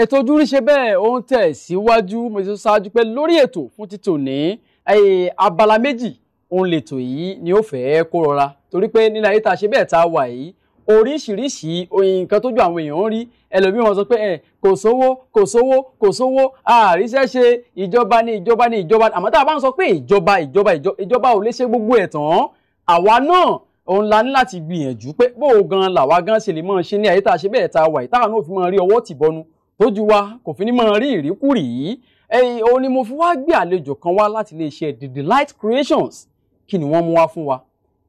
ètò ojúrí ṣe bẹ́ẹ̀ ó ń tẹ̀ síwájú mo ti ṣáájú pé lórí ètò fún títò ní abala méjì òun lètò yìí ni ó fẹ́ẹ́ kó rọra torí pé nílẹ̀ ayé tá a ṣe bẹ́ẹ̀ tá a wà yìí oríṣiríṣi nǹkan tójú àwọn èèyàn ń rí ẹlòmíràn wọn sọ pé ẹ kò sówó kò sówó kò sówó àríṣẹ́ ṣe ìjọba ní ìjọba ní ìjọba àmọ́ tá a bá ń sọ pé ìjọba ìjọba ìjọba ò lè ṣe gbogbo ẹ̀ tán àwa náà òun la ní láti gbìyànjú pé bó o gan làwa gan ṣe lè mọ̀ ṣe ní àyè tá a ṣe bẹ́ẹ̀ tá a wà yìí táwọn náà fi mọ̀ rí ọwọ́ tìbọnú tójú wa kò fi ní máa rí ìríkúrì yìí ẹyìn òun ni mo fi wá gbé àlejò kan wá láti iléeṣẹ́ The Delight Creations kí ni wọ́n mú wá fún wa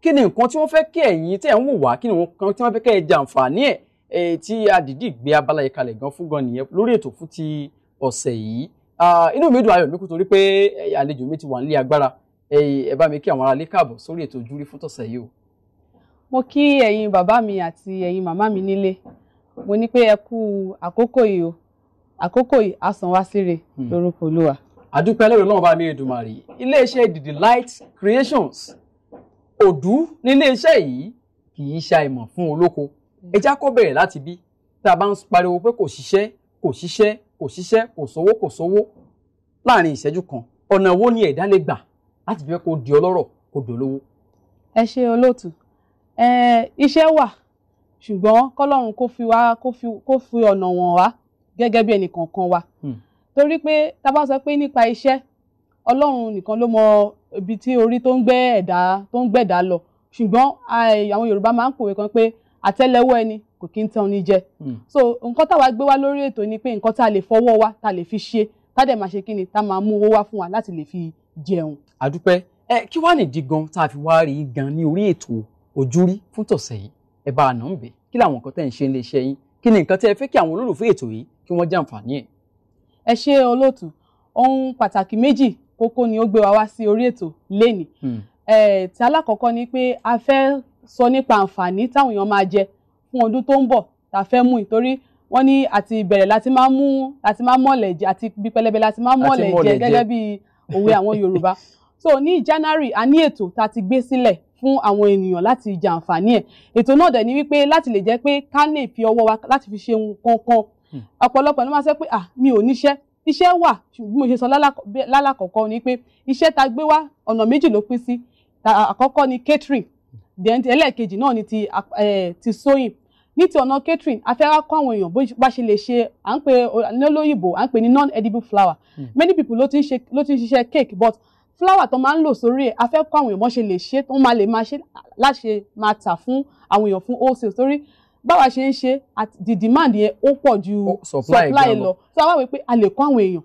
kí ni nǹkan tí wọ́n fẹ́ kí ẹ̀yin tẹ́ ń wò wá kí ni nǹkan tí wọ́n fẹ́ kẹ́ ẹ jàǹfààní ẹ̀ tí adìdí gbé abala yìí kalẹ̀ gan fún gan nìyẹn lórí ètò fún ti ọ̀sẹ̀ yìí inú mi dùn ayọ̀ mi kú torí pé àlejò mi ti wà nílé agbára ẹ bá mi kí àwọn aráalé káàbọ̀ sórí ètò ojúrí fún tọ̀sẹ̀ yìí o. mo kí ẹ̀yin bàbá mi àti ẹ̀yin màmá mi nílé mo ní pé ẹ kú àkókò yìí o àkókò yìí á san wá síre hmm. lórúkọ olúwa. àdúpẹ́ lẹ́rù náà bá mi Èdùmàrè iléeṣẹ́ The Delight Creations òdú níléeṣẹ́ yìí kì í ṣe àìmọ̀ fún olóko ẹ já kó bẹ̀rẹ̀ láti bí tá a bá ń pariwo pé kò ṣiṣẹ́ kò ṣiṣẹ́ kò ṣiṣẹ́ kò sówó kò sówó láàrin ìṣẹ́jú kan ọ̀nà wo ni ẹ̀dá lè gbà láti fi kó di ọlọ́rọ̀ kó dolówó. ẹ ṣe olóòtú iṣẹ́ wà ṣùgbọ́n kọ́lọ́run kó fi wá kó fi ọ̀nà wọn wá gẹ́gẹ́ bí ẹnìkọ̀ọ̀kan wa hmm. torí pé tá a bá sọ pé nípa iṣẹ́ ọlọ́run nìkan ló mọ ibi tí orí tó ń gbé ẹ̀dá tó ń gbẹ̀dá lọ ṣùgbọ́n àwọn yorùbá máa ń pòwe kan pé àtẹ́lẹwọ́ ẹni kò kí ń tán ni jẹ hmm. so nǹkan táwa gbé wá lórí ètò ni pé nǹkan tá a lè fọwọ́ wa tá a lè fi ṣe tá a dẹ̀ máa ṣe kí ni tá a máa mú owó wá fún wa láti lè fi jẹun. àdúpẹ́ ẹ kí wàá nìdí gan tá a fi wá rí gan ní orí ètò ojúrí fún tọ̀sẹ̀ yìí ẹ bá àná ń bẹ̀ kí làwọn nǹkan tẹ̀ ń ṣe nílé iṣẹ́ yín kí ni nǹkan tẹ́ ẹ fẹ́ kí àwọn olólùfẹ́ ètò yìí kí wọ́n jàǹfààní ẹ̀. ẹ ṣe olóòtú ohun pàtàkì méjì kókó ni ó gbé wa wá sí orí ètò lénìí. Hmm. tí alákọ̀ọ́kọ́ ni pé a fẹ́ sọ nípa àǹfààní táwọn èèyàn máa jẹ fún ọdún tó ń bọ̀ tá a fẹ́ mú ìtorí wọ́n ní àti ìbẹ̀rẹ̀ láti máa mú láti máa mọ̀lẹ̀ jẹ àti bí pẹlẹbẹ láti máa mọ̀lẹ̀ jẹ gẹ́gẹ́ bí òwe àwọn Yorùbá so ní January a ní ètò tá a ti gbé sílẹ̀ fún àwọn ènìyàn láti jàǹfààní ẹ̀ ètò náà dẹ̀ ni wípé láti lè jẹ́ pé ká lè fi ọwọ́ wa láti fi ṣe nǹkan kan hmm. ọ̀pọ̀lọpọ̀ ló máa sọ pé ah mi ò níṣẹ́ iṣẹ́ wà bí mo ṣe sọ lálàkọ̀ọ́kọ́ ni pé iṣẹ́ ta gbé wá ọ̀nà méjì ló pín sí àkọ́kọ́ ni catering then ẹlẹ́ẹ̀kejì náà ni ti ti sewing ní ti ọ̀nà catering a fẹ́ wá kọ́ àwọn èèyàn bá ṣe lè ṣe à ń pè ní olóyìnbó à ń pè ní non edible flower hmm. many people ló ti ń ṣiṣẹ́ cake but Flower tó máa ń lò sórí ẹ̀ a fẹ́ kọ́ àwọn èèyàn ṣe lè ṣe tó máa lè máa ṣe láṣe máa tà fún àwọn èèyàn fún wholesale torí báwa ṣe ń ṣe the demand yẹn ó pọ̀ ju supply lọ so àwa wí pé a lè kọ́ àwọn èèyàn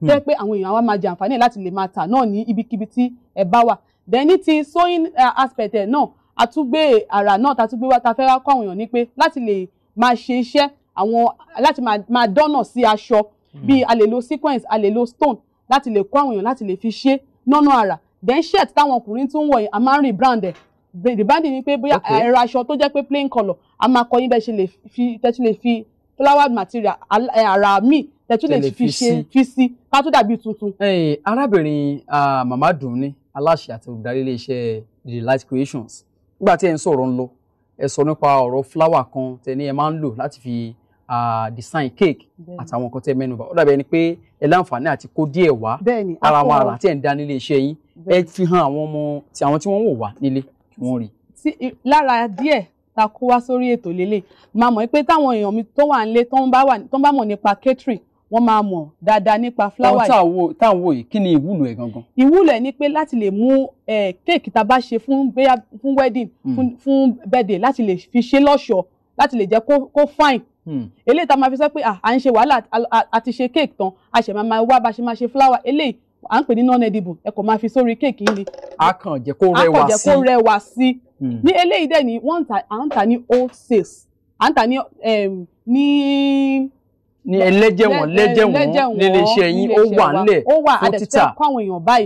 hmm. tẹ́ pé àwọn èèyàn àwa máa jẹ àǹfààní láti lè máa tà náà ní ibikíbi tí ẹ bá wà then ní ti sewing eh, aspect ẹ̀ náà àtúgbé àrà náà tàtúgbé wá ta fẹ́ wá kọ́ àwọn èèyàn ni pé láti lè máa ṣe iṣẹ́ àwọn láti máa dọ́nà sí aṣọ hmm. bíi a lè lo sequence a lè lo stone láti lè kọ́ àwọn èèyàn láti lè fi ṣe nánà ara. then shirt táwọn ọkùnrin tún wọ̀ yìí a máa ń rebrand ẹ̀ rebrand ni pé bóyá eh, ẹ̀rọ aṣọ tó jẹ́ pé plain colour a máa kọ yín bẹ́ẹ̀ ṣe lè fi tẹ́tí lè fi flowered material eh, àrà míì tẹ́tí lè fi ṣe fi sí ká tó dàbí tuntun. arábìnrin màmá Dùnní aláṣẹ àti olùdarí iléeṣẹ́ the light creations nígbà tí ẹ ń sọ̀rọ̀ ń lọ ẹ sọ nípa ọ̀rọ̀ flower kan tẹ ní ẹ máa ń lò láti fi design cake àtàwọn nǹkan tẹ́ mẹ́nubà ó dàbí ẹni pé ẹ láǹfààní àti kó díẹ̀ wá ara wọn àrà tí ẹ ń dá nílé iṣẹ́ yín ẹ fi hàn àwọn ọmọ tí àwọn tí wọ́n wò wá nílé kí wọ́n rí. lára díẹ̀ ta kó wá sórí ètò lélẹ̀ máa mọ̀ pé táwọn èèyàn mi tó wà nílé tó ń bá mọ̀ nípa catering wọ́n máa mọ̀ dáadáa nípa fúláwà yìí. ohun tá yìí kí ni ìwúlò ẹ̀ gangan. ìwúlò ẹ̀ ni pé láti lè mú kéèkì tá a bá ṣe fún bóyá fún wedding hmm. fún birthday láti lè fi ṣe lọ́ṣọ̀ọ́ láti lè jẹ́ kó fine Hmm. eléyìí tá a máa fi sọ pé ah, à ń ṣe wàhálà àti ṣe kéèkì tán a ṣẹ̀ máa wá bá ṣe máa ṣe fúláwà eléyìí à ń pè ní non edible ẹ kò máa fi sórí kéèkì yìí ni. a kàn jẹ́ kó rẹwà sí a kàn jẹ́ kó rẹwà sí. Hmm. ní eléyìí dẹ̀ ni wọ́n à ń tà ní old sales à ń tà ní ní ní ẹlẹ́jẹ̀wọ̀n lẹ́jẹ̀wọ̀n nílé iṣẹ́ yín ó wà ńlẹ̀ fún títà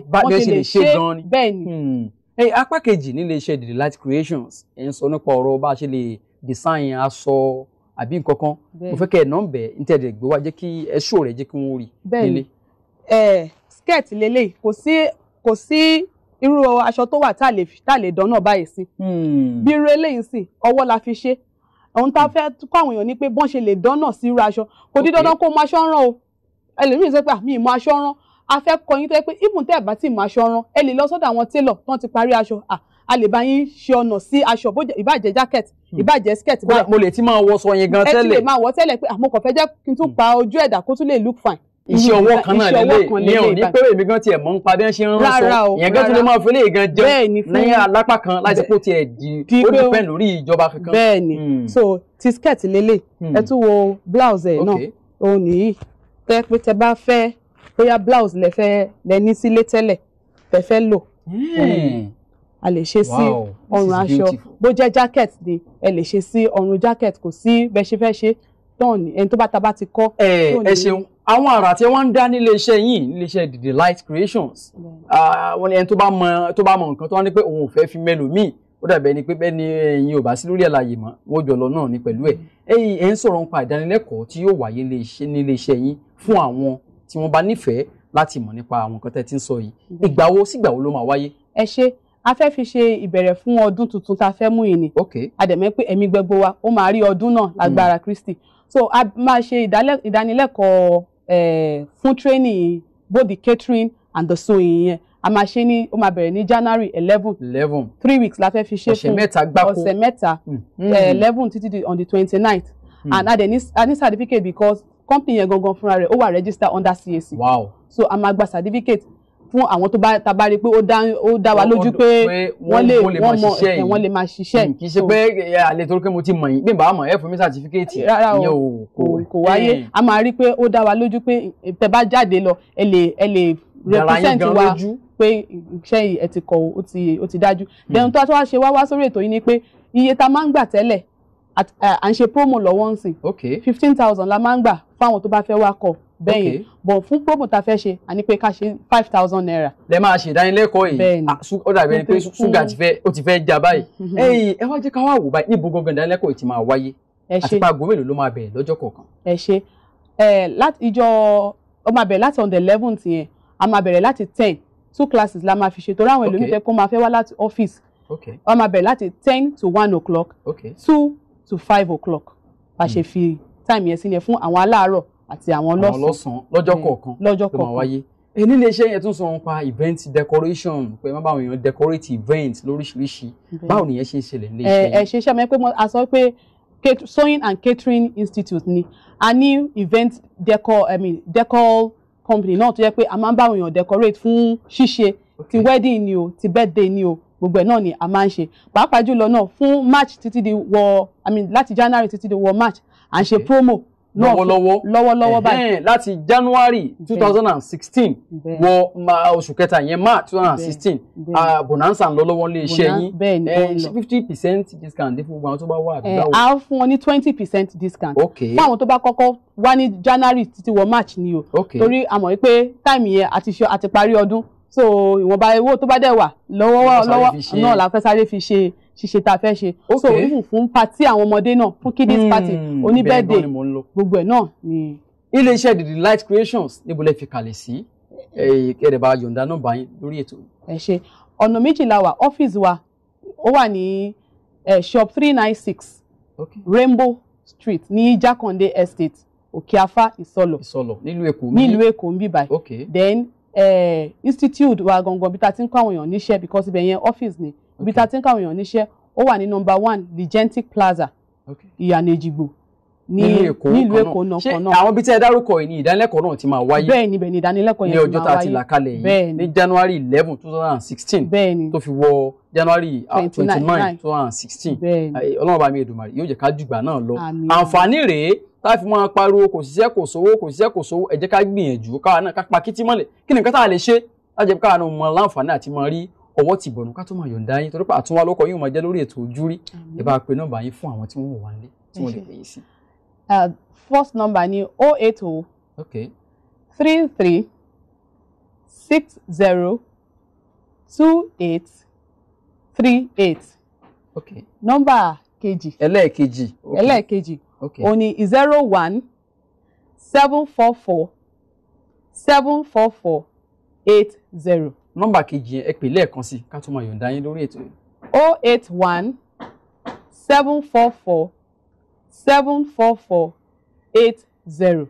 báyọ̀ ṣe lè ṣe gan ni. bẹ́ẹ̀ hmm. apá kejì nílé iṣẹ́ the light creations ẹ̀ ń sọ nípa ọ̀rọ̀ bá a ṣe lè design aṣọ àbí nǹkan kan mo fẹ́ kẹ́ ẹ̀ nọ́ọ̀bẹ ntẹ̀dẹ̀ gbé wá jẹ́ kí ẹ ṣó rẹ̀ jẹ́ kí wọ́n rí nílé. bẹ́ẹ̀ skirt lélẹ̀ kò sí kò sí irú aṣọ tó wà tá a lè tá a lè dán náà báyìí sí. Hmm. bí irú eléyìí sì ọwọ́ la fi ṣe ohun tá a fẹ́ kọ́ àwọn èèyàn ni pé bọ́n ṣe lè dán náà sí irú aṣọ kò dín dandan kó mọ aṣọ rán o ẹlòmíì sọ pé mi ì mọ aṣọ rán a fẹ́ kọ́ yín tó yẹ pé ibùn tẹ́ ẹ̀ bá ti mọ aṣọ rán ẹ lè lọ sọ́dọ̀ àwọn télọ̀ tó ń ti parí aṣọ a lè bá yín ṣe ọ̀nà sí aṣọ bójá ìbàjẹ́ jacket hmm. ìbàjẹ́ skirt báyìí. mo lè ti máa wọ sọ yẹn gan tẹ́lẹ̀. ẹ ti lè máa wọ tẹ́lẹ̀ pé àmọ́ ah, kò fẹ́ jẹ́ kí n tún hmm. pa ojú ẹ̀dá kó tún lè look fine iṣẹ́ hmm. ọwọ́ kan náà lélẹ̀ ní òní pé èmi gan tiẹ̀ mọ̀ ń padà ṣe ń ránṣọ ìyẹn gan tún lè máa fi léè gan jẹun ní alápá kan láti kó tiẹ̀ di ó dùn pẹ́ lórí ìjọba kankan. bẹ́ẹ̀ni so ti skirt lélẹ̀ ẹ tún wo blouse ẹ náà òun nìyí tẹ pé tẹ bá fẹ́ bóyá blouse lẹ fẹ́ lẹ ní sílé tẹ́lẹ̀ tẹ fẹ́ a lè ṣe sí ọrùn aṣọ bó jẹ́ jacket ni ẹ lè ṣe sí ọrùn jacket kò sí bẹ́ẹ̀ ṣe fẹ́ ṣe tán ni ẹni tó bá ta bá ti kọ́. ẹ ẹ ṣeun àwọn àrà tí wọ́n ń dá nílé iṣẹ́ yìí nílé iṣẹ́ The Light Creations wọ́n ní ẹni tó bá mọ tó bá mọ nǹkan tó wọ́n ní pé òun ò fẹ́ fi mẹ́lòmíì ó dàbẹ̀ ni pé bẹ́ẹ̀ ni ẹ̀yin ò bá sí lórí àlàyé mọ́ wọ́n jọ lọ náà ni pẹ̀lú ẹ̀ ẹ̀yin ẹ̀ ń sọ̀rọ̀ nípa ìdánilẹ́kọ̀ọ́ tí yóò wáyé nílé iṣẹ́ yín fún àwọn tí wọ́n bá nífẹ̀ẹ́ láti mọ̀ nípa àwọn nǹkan tẹ́ ti ń sọ yìí ìgbà wo sígbà wo ló máa wáyé. ẹ ṣe a fẹ́ fi ṣe ìbẹ̀rẹ̀ fún ọdún tuntun tá a fẹ́ mú yìí ni a dẹ̀ mọ̀ pé ẹ̀mí gbogbo wa ó máa rí ọdún náà lágbára hmm. Kristi so a máa ṣe ìdánilẹ́kọ̀ọ́ fún training both the catering and the sewing yẹn a máa ṣe ní ó máa bẹ̀rẹ̀ ní January eleven eleven three weeks la fẹ́ fi ṣe fún ọ̀sẹ̀ mẹ́ta gbáko ọ̀sẹ̀ mẹ́ta hmm. Hmm. eleven títí di on the twenty ninth and a dẹ̀ ní certificate because company yẹn gangan fúnra rẹ̀ ó wà register under CAC wow. so a máa gba certificate fún àwọn tó bá ta bá rí pé ó dá wa lójú pé wọ́n lè wọ́n mọ wọ́n lè máa ṣiṣẹ́. Hmm, kì í ṣe pé àlejò pé mo ti mọ̀ yín bí n bá mọ̀ ẹ fún mi sàtífíkẹ́ẹ̀tì ìyẹn ò kò wáyé hmm. a máa rí pé ó dá wa lójú pé tẹ́ bá jáde lọ ẹ lè ẹ lè represent wa pé iṣẹ́ yìí ẹ ti kọ̀ ó ti dájú. dẹ̀rùn tó a tó wá ṣe wá wá sórí ètò yìí ni pé iye ta máa ń gbà tẹ́lẹ̀ à ń ṣe promo lọ́wọ́ ń fifteen thousand la máa ń gbà fáwọn tó bá fẹ́ wá kọ̀ bẹ́ẹ̀ yẹn bọ̀ fún promo ta fẹ́ ṣe àní pé ká ṣe five thousand naira. lẹ máa ṣe ìdánilẹ́kọ̀ọ́ yìí ah, ó dàbí ẹni pé ṣúgà mm-hmm. ó ti fẹ́ já báyìí mm-hmm. ẹ̀yìn ẹ wá jẹ́ ká wá wò báyìí níbo gbọ̀ngàn ìdánilẹ́kọ̀ọ́ yìí ti máa wáyé àti pa aago mélòó ló máa bẹ̀rẹ̀ lọ́jọ́ kọ̀ọ̀kan. ẹ ṣe ẹ láti ìjọ ó máa bẹ̀rẹ̀ láti on the eleventh yẹn a máa bẹ̀rẹ̀ láti ten two classes la máa fi ṣe torí àwọn ẹlòmíì fẹ́ kó máa fẹ́ wá láti office wọ́n máa bẹ̀rẹ̀ láti ten to one o'clock two to five o'clock bá ṣe hmm. fi time yẹn sílẹ̀ fún àwọn aláàárọ̀ àti àwọn lọ́sàn lọ́jọ́ hmm, kọ̀ọ̀kan lọ́jọ́ kọ̀ọ̀kan wáyé ẹni lè ṣe yẹn tún sọ nípa event decoration pé má báwọn èèyàn decorate event lóríṣiríṣi hmm. báwo nìyẹn ṣe ń ṣẹlẹ̀ ní iṣẹ́ yẹn. ẹ ṣe iṣẹ́ mi pé a sọ pé sewing and catering institute ni a ní event decor I mean, decor company náà tó yẹ pé a máa ń báwọn èèyàn decorate fún ṣíṣe ti wedding ni o ti birthday ni o gbogbo ẹ̀ náà ni a máa ń ṣe pàápàá jùlọ náà fún march títí di wọ i mean láti january títí di wọ march à ń ṣe promo lọ́wọ́lọ́wọ́ lọ́wọ́lọ́wọ́ báyìí láti january two thousand and sixteen wọ oṣù kẹta yẹn march two thousand and sixteen bonanza ń lọ lọ́wọ́ lé iṣẹ́ yín fifty percent discount dé fún gbogbo àwọn tó bá wà àdúgbò. a fún wọn ní twenty percent discount fún àwọn tó bá kọ́kọ́ wá ní january títí wọ march ni o torí a mọ̀ pé time yẹn àti ṣe àti parí ọdún so ìwọ̀nba owó tó bá dẹ̀ wà lọ́wọ́ lọ́wọ́ náà la fẹ́ sáré fi ṣe ṣíṣe tá a fẹ́ ṣe so even fún pati àwọn ọmọdé náà fún kiddies hmm, party oníbẹ́ẹ̀dẹ̀ gbogbo ẹ̀ náà ni. iléeṣẹ́ The light Creations níbo lẹ fi kalẹ̀ sí ẹ̀ẹ́dẹ̀ bá yọ̀ǹda nọ́mbà yín lórí ètò. ẹ ṣe ọ̀nà méjìlá wa ọ́fíìsì wa ó wà ní shop three nine six Rainbow Street ní Jakande Estate Òkèàfà Ìsọlọ̀ Ìsọlọ̀ nílùú Èkó nílùú Èkó ń bíbáyìí then eh, institute wa gangan bí ta ti ń kọ́ àwọn èèyàn níṣẹ́ because ibẹ̀ yẹn office ni ibi tá a ti ń káwọn èèyàn níṣẹ́ ó wà ní number one Legentic Plaza ìyànà Èjìgbò ní nílùú Èkó náà kan náà. ṣé àwọn ibi tí ẹ dárúkọ yìí ni ìdánilẹ́kọ̀ọ́ náà ti máa wáyé. bẹ́ẹ̀ ni bẹ́ẹ̀ ni ìdánilẹ́kọ̀ọ́ yẹn ti máa wáyé ní ọjọ́ tá a ti là kalẹ̀ yìí ní January eleven two thousand and sixteen tó fi wọ January ah, twenty nine two thousand and sixteen Ọlọ́run bá mi Èdùmàrè yóò jẹ́ ká jùgbà náà lọ àǹfààní rèé tá a fi máa pariwo kò ṣiṣẹ́ kò sówó kò ṣiṣẹ́ kò sówó ẹ jẹ́ ká gbìyànjú káwa náà ká pa kí ọwọ́ ti bọ̀nù ká tó máa yọ̀ǹda yín torí pé àtúnwá lọ́kọ̀ yín ò máa jẹ́ lórí ètò ojúrí ẹ bá pe nọ́mbà yín fún àwọn tí wọ́n wò wá tí wọ́n lè pè yín sí. Uh, first number ni o oh eight o oh three three six zero two eight three eight nọ́mbà kejì ẹlẹ́ẹ̀kejì ẹlẹ́ẹ̀kejì òun ni zero one seven four four seven four four eight zero nọ́mbà kejì yẹn ẹ pè lẹ́ẹ̀kan sí ká tó máa yọ̀ǹda yín lórí ètò yìí. o oh eight one seven four four seven four four eight zero.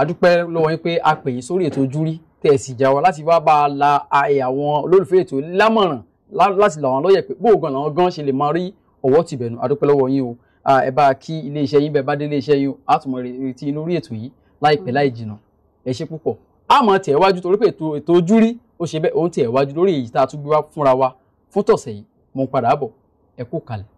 àdúpẹ́ lọ́wọ́ yín pé a pè yín sórí ètò ojúrí tẹ̀ sí ìjà wa láti wá bá a la àwọn olólùfẹ́ ètò lámọ̀ràn láti làwọn lọ́yẹ̀ pé bóògùn làwọn gan ṣe lè máa rí ọ̀wọ́ tìbẹ̀nu àdúpẹ́ lọ́wọ́ yín o ẹ bá kí iléeṣẹ́ yín bẹ́ẹ̀ bá dé iléeṣẹ́ yín o á tún inú rí ètò yìí láìpẹ́ mm. láì jìnnà ẹ ṣe púpọ̀ àmọ́ tẹ̀ wájú torí pé ètò ojúrí ó ṣe bẹ́ẹ̀ òun tiẹ̀ wájú lórí èyí tá a tún gbé wá fúnra wa fún tọ̀sẹ̀ yìí mo ń padà bọ̀ ẹ kú kalẹ̀.